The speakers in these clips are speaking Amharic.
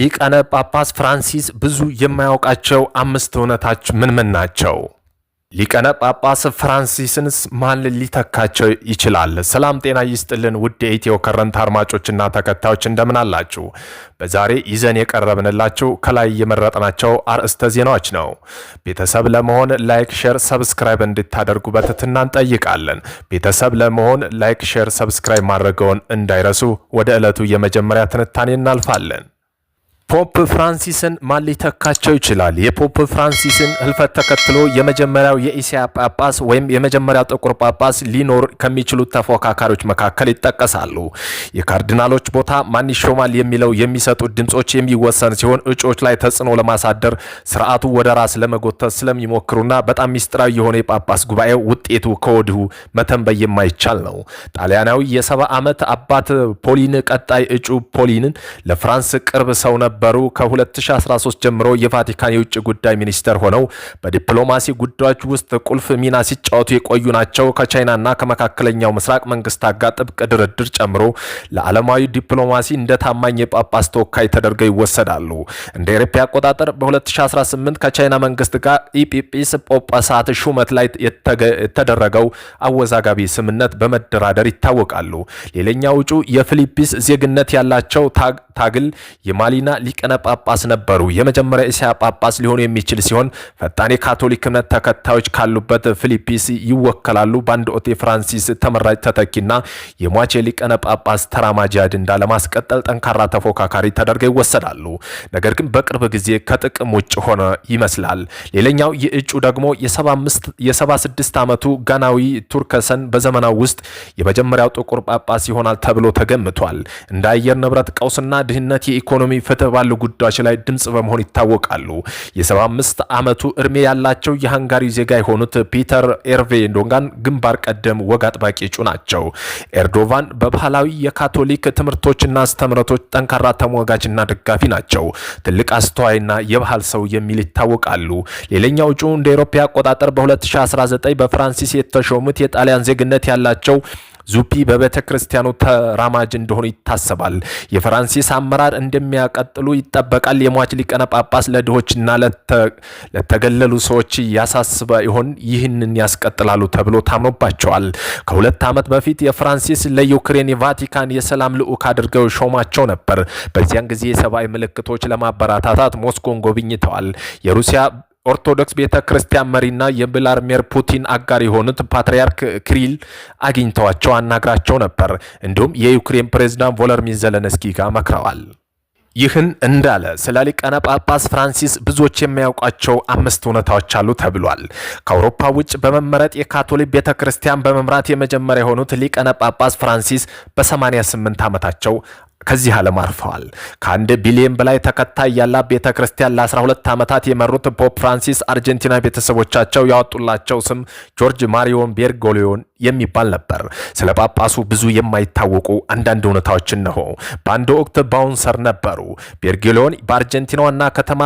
ሊቃነ ጳጳስ ፍራንሲስ ብዙ የማያውቃቸው አምስት እውነታች ምን ምን ናቸው? ሊቀነ ጳጳስ ፍራንሲስንስ ማን ሊተካቸው ይችላል? ሰላም ጤና ይስጥልን ውድ የኢትዮ ከረንት አድማጮችና ተከታዮች እንደምን አላችሁ? በዛሬ ይዘን የቀረብንላችሁ ከላይ የመረጥናቸው አርዕስተ ዜናዎች ነው። ቤተሰብ ለመሆን ላይክ፣ ሼር፣ ሰብስክራይብ እንድታደርጉ በትትና እንጠይቃለን። ቤተሰብ ለመሆን ላይክ፣ ሼር፣ ሰብስክራይብ ማድረገውን እንዳይረሱ። ወደ ዕለቱ የመጀመሪያ ትንታኔ እናልፋለን። ፖፕ ፍራንሲስን ማን ሊተካቸው ይችላል? የፖፕ ፍራንሲስን ህልፈት ተከትሎ የመጀመሪያው የእስያ ጳጳስ ወይም የመጀመሪያው ጥቁር ጳጳስ ሊኖር ከሚችሉት ተፎካካሪዎች መካከል ይጠቀሳሉ። የካርዲናሎች ቦታ ማን ይሾማል የሚለው የሚሰጡት ድምጾች የሚወሰን ሲሆን እጩዎች ላይ ተጽዕኖ ለማሳደር ስርዓቱ ወደ ራስ ለመጎተት ስለሚሞክሩና በጣም ሚስጥራዊ የሆነ የጳጳስ ጉባኤ ውጤቱ ከወዲሁ መተንበይ የማይቻል ነው። ጣሊያናዊ የሰባ ዓመት አባት ፖሊን ቀጣይ እጩ ፖሊንን ለፍራንስ ቅርብ ሰው ነበር ነበሩ። ከ2013 ጀምሮ የቫቲካን የውጭ ጉዳይ ሚኒስተር ሆነው በዲፕሎማሲ ጉዳዮች ውስጥ ቁልፍ ሚና ሲጫወቱ የቆዩ ናቸው። ከቻይናና ከመካከለኛው ምስራቅ መንግስታት ጋር ጥብቅ ድርድር ጨምሮ ለዓለማዊ ዲፕሎማሲ እንደ ታማኝ የጳጳስ ተወካይ ተደርገው ይወሰዳሉ። እንደ ኤሮፓ አቆጣጠር በ2018 ከቻይና መንግስት ጋር ኢጲጲስ ጳጳሳት ሹመት ላይ የተደረገው አወዛጋቢ ስምነት በመደራደር ይታወቃሉ። ሌላኛው እጩ የፊሊፒንስ ዜግነት ያላቸው ታግል የማሊና ሊቀነ ጳጳስ ነበሩ። የመጀመሪያ እስያ ጳጳስ ሊሆኑ የሚችል ሲሆን ፈጣን የካቶሊክ እምነት ተከታዮች ካሉበት ፊሊፒስ ይወከላሉ። በአንድ ኦቴ ፍራንሲስ ተመራጭ ተተኪና የሟች የሊቀነ ጳጳስ ተራማጅ አድንዳ ለማስቀጠል ጠንካራ ተፎካካሪ ተደርገው ይወሰዳሉ። ነገር ግን በቅርብ ጊዜ ከጥቅም ውጭ ሆነ ይመስላል። ሌላኛው የእጩ ደግሞ የ76 ዓመቱ ጋናዊ ቱርከሰን በዘመናው ውስጥ የመጀመሪያው ጥቁር ጳጳስ ይሆናል ተብሎ ተገምቷል። እንደ አየር ንብረት ቀውስና ድህነት፣ የኢኮኖሚ ፍትህ ባሉ ጉዳዮች ላይ ድምፅ በመሆን ይታወቃሉ። የ75 ዓመቱ እድሜ ያላቸው የሃንጋሪ ዜጋ የሆኑት ፒተር ኤርቬ ዶንጋን ግንባር ቀደም ወግ አጥባቂ እጩ ናቸው። ኤርዶቫን በባህላዊ የካቶሊክ ትምህርቶችና አስተምረቶች ጠንካራ ተሟጋችና ደጋፊ ናቸው። ትልቅ አስተዋይና የባህል ሰው የሚል ይታወቃሉ። ሌላኛው እጩ እንደ ኤሮፓ አቆጣጠር በ2019 በፍራንሲስ የተሾሙት የጣሊያን ዜግነት ያላቸው ዙፒ በቤተ ክርስቲያኑ ተራማጅ እንደሆኑ ይታሰባል። የፈራንሲስ አመራር እንደሚያቀጥሉ ይጠበቃል። የሟች ሊቀነ ጳጳስ ለድሆችና ለተገለሉ ሰዎች ያሳስበ ይሆን? ይህንን ያስቀጥላሉ ተብሎ ታምኖባቸዋል። ከሁለት ዓመት በፊት የፍራንሲስ ለዩክሬን የቫቲካን የሰላም ልዑክ አድርገው ሾማቸው ነበር። በዚያን ጊዜ የሰብአዊ ምልክቶች ለማበረታታት ሞስኮን ጎብኝተዋል። የሩሲያ ኦርቶዶክስ ቤተ ክርስቲያን መሪና የብላድሚር ፑቲን አጋር የሆኑት ፓትርያርክ ክሪል አግኝተዋቸው አናግራቸው ነበር። እንዲሁም የዩክሬን ፕሬዝዳንት ቮሎድሚር ዘለንስኪ ጋር መክረዋል። ይህን እንዳለ ስለ ሊቀነ ጳጳስ ፍራንሲስ ብዙዎች የሚያውቋቸው አምስት እውነታዎች አሉ ተብሏል። ከአውሮፓ ውጭ በመመረጥ የካቶሊክ ቤተ ክርስቲያን በመምራት የመጀመሪያ የሆኑት ሊቀነ ጳጳስ ፍራንሲስ በ88 ዓመታቸው ከዚህ ዓለም አርፈዋል። ከአንድ ቢሊዮን በላይ ተከታይ ያላት ቤተ ክርስቲያን ለ12 ዓመታት የመሩት ፖፕ ፍራንሲስ አርጀንቲና ቤተሰቦቻቸው ያወጡላቸው ስም ጆርጅ ማሪዮን ቤርጎሊዮን የሚባል ነበር። ስለ ጳጳሱ ብዙ የማይታወቁ አንዳንድ እውነታዎች እነሆ። በአንድ ወቅት ባውንሰር ነበሩ። ቤርጎሊዮን በአርጀንቲና ዋና ከተማ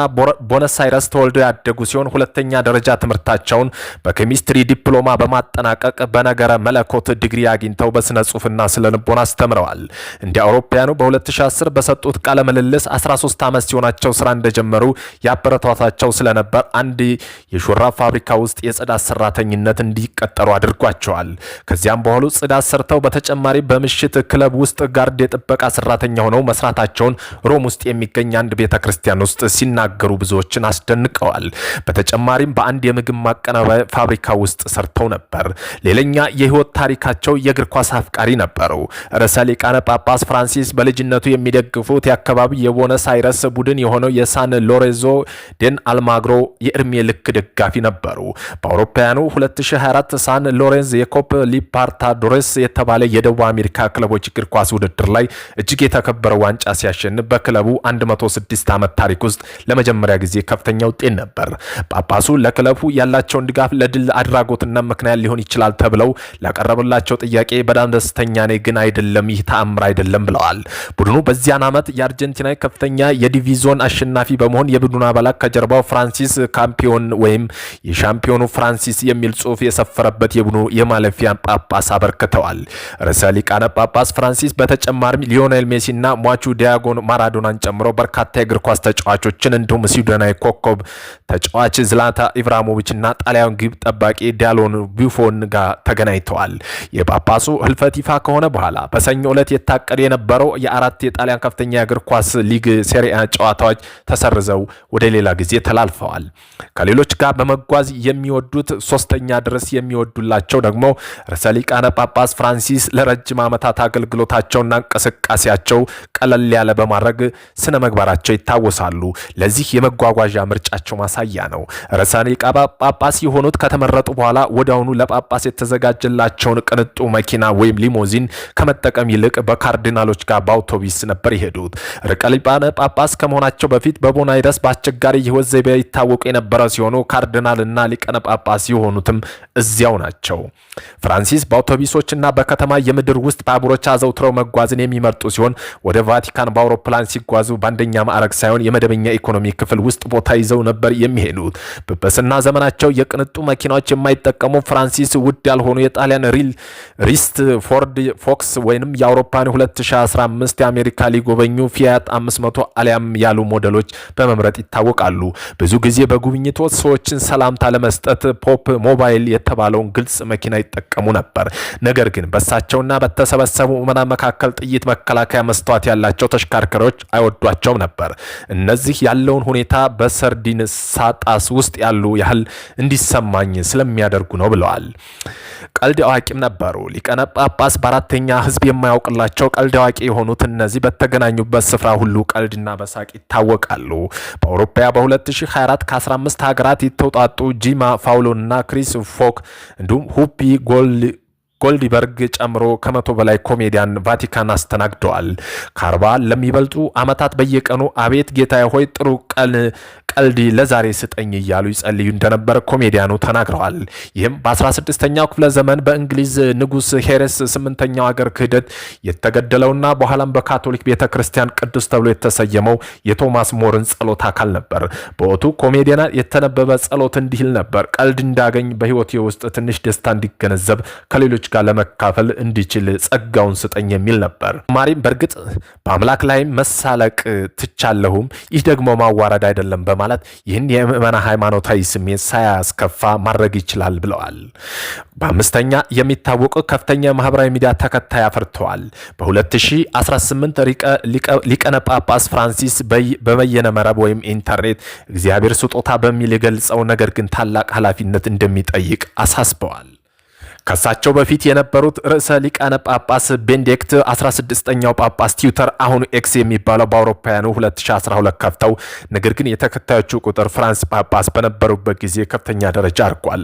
ቦነስ አይረስ ተወልደው ያደጉ ሲሆን ሁለተኛ ደረጃ ትምህርታቸውን በኬሚስትሪ ዲፕሎማ በማጠናቀቅ በነገረ መለኮት ዲግሪ አግኝተው በስነ ጽሁፍና ስነ ልቦና አስተምረዋል። እንደ አውሮፓያኑ በ2010 በሰጡት ቃለ ምልልስ 13 ዓመት ሲሆናቸው ስራ እንደጀመሩ ያበረታታቸው ስለነበር አንድ የሹራብ ፋብሪካ ውስጥ የጽዳት ሰራተኝነት እንዲቀጠሩ አድርጓቸዋል። ከዚያም በኋላ ጽዳት ሰርተው በተጨማሪ በምሽት ክለብ ውስጥ ጋርድ የጥበቃ ሰራተኛ ሆነው መስራታቸውን ሮም ውስጥ የሚገኝ አንድ ቤተ ክርስቲያን ውስጥ ሲናገሩ ብዙዎችን አስደንቀዋል። በተጨማሪም በአንድ የምግብ ማቀነባበያ ፋብሪካ ውስጥ ሰርተው ነበር። ሌላኛ የህይወት ታሪካቸው የእግር ኳስ አፍቃሪ ነበሩ። ርዕሰ ሊቃነ ጳጳስ ፍራንሲስ በልጅ በልጅነቱ የሚደግፉት የአካባቢ የቦነስ አይረስ ቡድን የሆነው የሳን ሎሬዞ ደን አልማግሮ የእድሜ ልክ ደጋፊ ነበሩ። በአውሮፓውያኑ 2024 ሳን ሎሬንዝ የኮፕ ሊፓርታዶሬስ የተባለ የደቡብ አሜሪካ ክለቦች እግር ኳስ ውድድር ላይ እጅግ የተከበረ ዋንጫ ሲያሸንፍ በክለቡ 106 ዓመት ታሪክ ውስጥ ለመጀመሪያ ጊዜ ከፍተኛ ውጤት ነበር። ጳጳሱ ለክለቡ ያላቸውን ድጋፍ ለድል አድራጎትና ምክንያት ሊሆን ይችላል ተብለው ላቀረበላቸው ጥያቄ በጣም ደስተኛ ነኝ፣ ግን አይደለም፣ ይህ ተአምር አይደለም ብለዋል። ቡድኑ በዚያን ዓመት የአርጀንቲና ከፍተኛ የዲቪዞን አሸናፊ በመሆን የቡድኑ አባላት ከጀርባው ፍራንሲስ ካምፒዮን ወይም የሻምፒዮኑ ፍራንሲስ የሚል ጽሑፍ የሰፈረበት የቡድኑ የማለፊያ ጳጳስ አበርክተዋል። ርዕሰ ሊቃነ ጳጳስ ፍራንሲስ በተጨማሪም ሊዮኔል ሜሲና ሟቹ ዲያጎን ማራዶናን ጨምሮ በርካታ የእግር ኳስ ተጫዋቾችን እንዲሁም ስዊድናዊ ኮከብ ተጫዋች ዝላታ ኢብራሞቪችና ጣሊያን ግብ ጠባቂ ዲያሎን ቢፎን ጋር ተገናኝተዋል። የጳጳሱ ህልፈት ይፋ ከሆነ በኋላ በሰኞ ዕለት የታቀደ የነበረው የአራት የጣሊያን ከፍተኛ የእግር ኳስ ሊግ ሴሪያ ጨዋታዎች ተሰርዘው ወደ ሌላ ጊዜ ተላልፈዋል። ከሌሎች ጋር በመጓዝ የሚወዱት ሶስተኛ ድረስ የሚወዱላቸው ደግሞ ርዕሰ ሊቃነ ጳጳስ ፍራንሲስ ለረጅም ዓመታት አገልግሎታቸውና እንቅስቃሴያቸው ቀለል ያለ በማድረግ ስነ ምግባራቸው ይታወሳሉ። ለዚህ የመጓጓዣ ምርጫቸው ማሳያ ነው። ርዕሰ ጳጳስ የሆኑት ከተመረጡ በኋላ ወዲያውኑ ለጳጳስ የተዘጋጀላቸውን ቅንጡ መኪና ወይም ሊሞዚን ከመጠቀም ይልቅ በካርዲናሎች ጋር በአውቶቢስ ነበር የሄዱት። ርቀ ሊቃነ ጳጳስ ከመሆናቸው በፊት በቦናይረስ በአስቸጋሪ የህይወት ዘይቤ ይታወቁ የነበረ ሲሆኑ ካርዲናልና ሊቀነ ጳጳስ የሆኑትም እዚያው ናቸው። ፍራንሲስ በአውቶቢሶችና በከተማ የምድር ውስጥ ባቡሮች አዘውትረው መጓዝን የሚመርጡ ሲሆን ወደ ቫቲካን በአውሮፕላን ሲጓዙ በአንደኛ ማዕረግ ሳይሆን የመደበኛ ኢኮኖሚ ክፍል ውስጥ ቦታ ይዘው ነበር የሚሄዱት። በጵጵስና ዘመናቸው የቅንጡ መኪናዎች የማይጠቀሙ ፍራንሲስ ውድ ያልሆኑ የጣሊያን ሪል ሪስት ፎርድ ፎክስ ወይም የአውሮፓን 2015 አምስት የአሜሪካ ሊጎበኙ ፊያት 500 አሊያም ያሉ ሞዴሎች በመምረጥ ይታወቃሉ። ብዙ ጊዜ በጉብኝት ወቅት ሰዎችን ሰላምታ ለመስጠት ፖፕ ሞባይል የተባለውን ግልጽ መኪና ይጠቀሙ ነበር። ነገር ግን በሳቸውና በተሰበሰቡ ምዕመናን መካከል ጥይት መከላከያ መስተዋት ያላቸው ተሽከርካሪዎች አይወዷቸውም ነበር። እነዚህ ያለውን ሁኔታ በሰርዲን ሳጣስ ውስጥ ያሉ ያህል እንዲሰማኝ ስለሚያደርጉ ነው ብለዋል። ቀልድ አዋቂም ነበሩ። ሊቀነ ጳጳስ በአራተኛ ህዝብ የማያውቅላቸው ቀልድ አዋቂ የሆኑ የሆኑት እነዚህ በተገናኙበት ስፍራ ሁሉ ቀልድና በሳቅ ይታወቃሉ። በአውሮፓ በ2024 ከ15 ሀገራት የተውጣጡ ጂማ ፋውሎና ክሪስ ፎክ እንዲሁም ሁፒ ጎል ጎልዲበርግ ጨምሮ ከመቶ በላይ ኮሜዲያን ቫቲካን አስተናግደዋል። ከአርባ ለሚበልጡ ዓመታት በየቀኑ አቤት ጌታዬ ሆይ ጥሩ ቀን ቀልድ ለዛሬ ስጠኝ እያሉ ይጸልዩ እንደነበር ኮሜዲያኑ ተናግረዋል። ይህም በ16ኛው ክፍለ ዘመን በእንግሊዝ ንጉሥ ሄረስ ስምንተኛው አገር ክህደት የተገደለውና በኋላም በካቶሊክ ቤተ ክርስቲያን ቅዱስ ተብሎ የተሰየመው የቶማስ ሞርን ጸሎት አካል ነበር። በወቱ ኮሜዲያና የተነበበ ጸሎት እንዲህል ነበር። ቀልድ እንዳገኝ በሕይወቴ ውስጥ ትንሽ ደስታ እንዲገነዘብ ከሌሎች ጋር ለመካፈል እንዲችል ጸጋውን ስጠኝ የሚል ነበር። ማሪም በእርግጥ በአምላክ ላይ መሳለቅ ትቻለሁም፣ ይህ ደግሞ ማዋረድ አይደለም በማለት ይህን የምዕመና ሃይማኖታዊ ስሜት ሳያስከፋ ማድረግ ይችላል ብለዋል። በአምስተኛ የሚታወቁ ከፍተኛ የማህበራዊ ሚዲያ ተከታይ አፍርተዋል። በ2018 ሊቀነ ጳጳስ ፍራንሲስ በበየነ መረብ ወይም ኢንተርኔት እግዚአብሔር ስጦታ በሚል የገልጸው ነገር ግን ታላቅ ኃላፊነት እንደሚጠይቅ አሳስበዋል። ከሳቸው በፊት የነበሩት ርዕሰ ሊቃነ ጳጳስ ቤንዴክት 16ኛው ጳጳስ ቲዩተር አሁኑ ኤክስ የሚባለው በአውሮፓውያኑ 2012 ከፍተው ነገር ግን የተከታዮቹ ቁጥር ፍራንስ ጳጳስ በነበሩበት ጊዜ ከፍተኛ ደረጃ አድርጓል።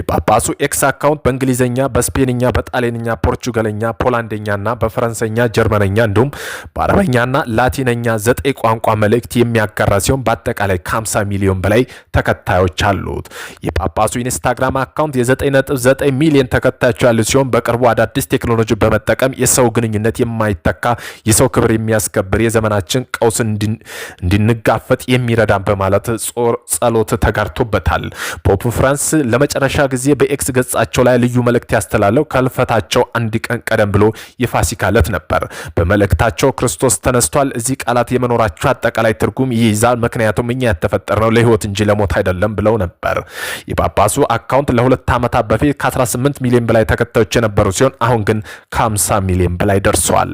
የጳጳሱ ኤክስ አካውንት በእንግሊዝኛ፣ በስፔንኛ፣ በጣሊያንኛ፣ ፖርቹጋልኛ፣ ፖላንደኛና በፈረንሰኛ፣ ጀርመንኛ እንዲሁም በአረበኛና ላቲነኛ ዘጠኝ ቋንቋ መልእክት የሚያጋራ ሲሆን በአጠቃላይ ከ50 ሚሊዮን በላይ ተከታዮች አሉት። የጳጳሱ ኢንስታግራም አካውንት የ9.9 ሚሊዮን እየተከታች ያለች ሲሆን በቅርቡ አዳዲስ ቴክኖሎጂ በመጠቀም የሰው ግንኙነት የማይተካ የሰው ክብር የሚያስከብር የዘመናችን ቀውስ እንድንጋፈጥ የሚረዳን በማለት ጸሎት ተጋርቶበታል። ፖፕ ፍራንስ ለመጨረሻ ጊዜ በኤክስ ገጻቸው ላይ ልዩ መልእክት ያስተላለው ከልፈታቸው አንድ ቀን ቀደም ብሎ የፋሲካ ዕለት ነበር። በመልእክታቸው ክርስቶስ ተነስቷል። እዚህ ቃላት የመኖራቸው አጠቃላይ ትርጉም ይይዛል። ምክንያቱም እኛ የተፈጠርነው ለህይወት እንጂ ለሞት አይደለም ብለው ነበር። የጳጳሱ አካውንት ለሁለት ዓመታት በፊት ከ18 ሚሊዮን በላይ ተከታዮች የነበሩ ሲሆን አሁን ግን ከ50 ሚሊዮን በላይ ደርሷል።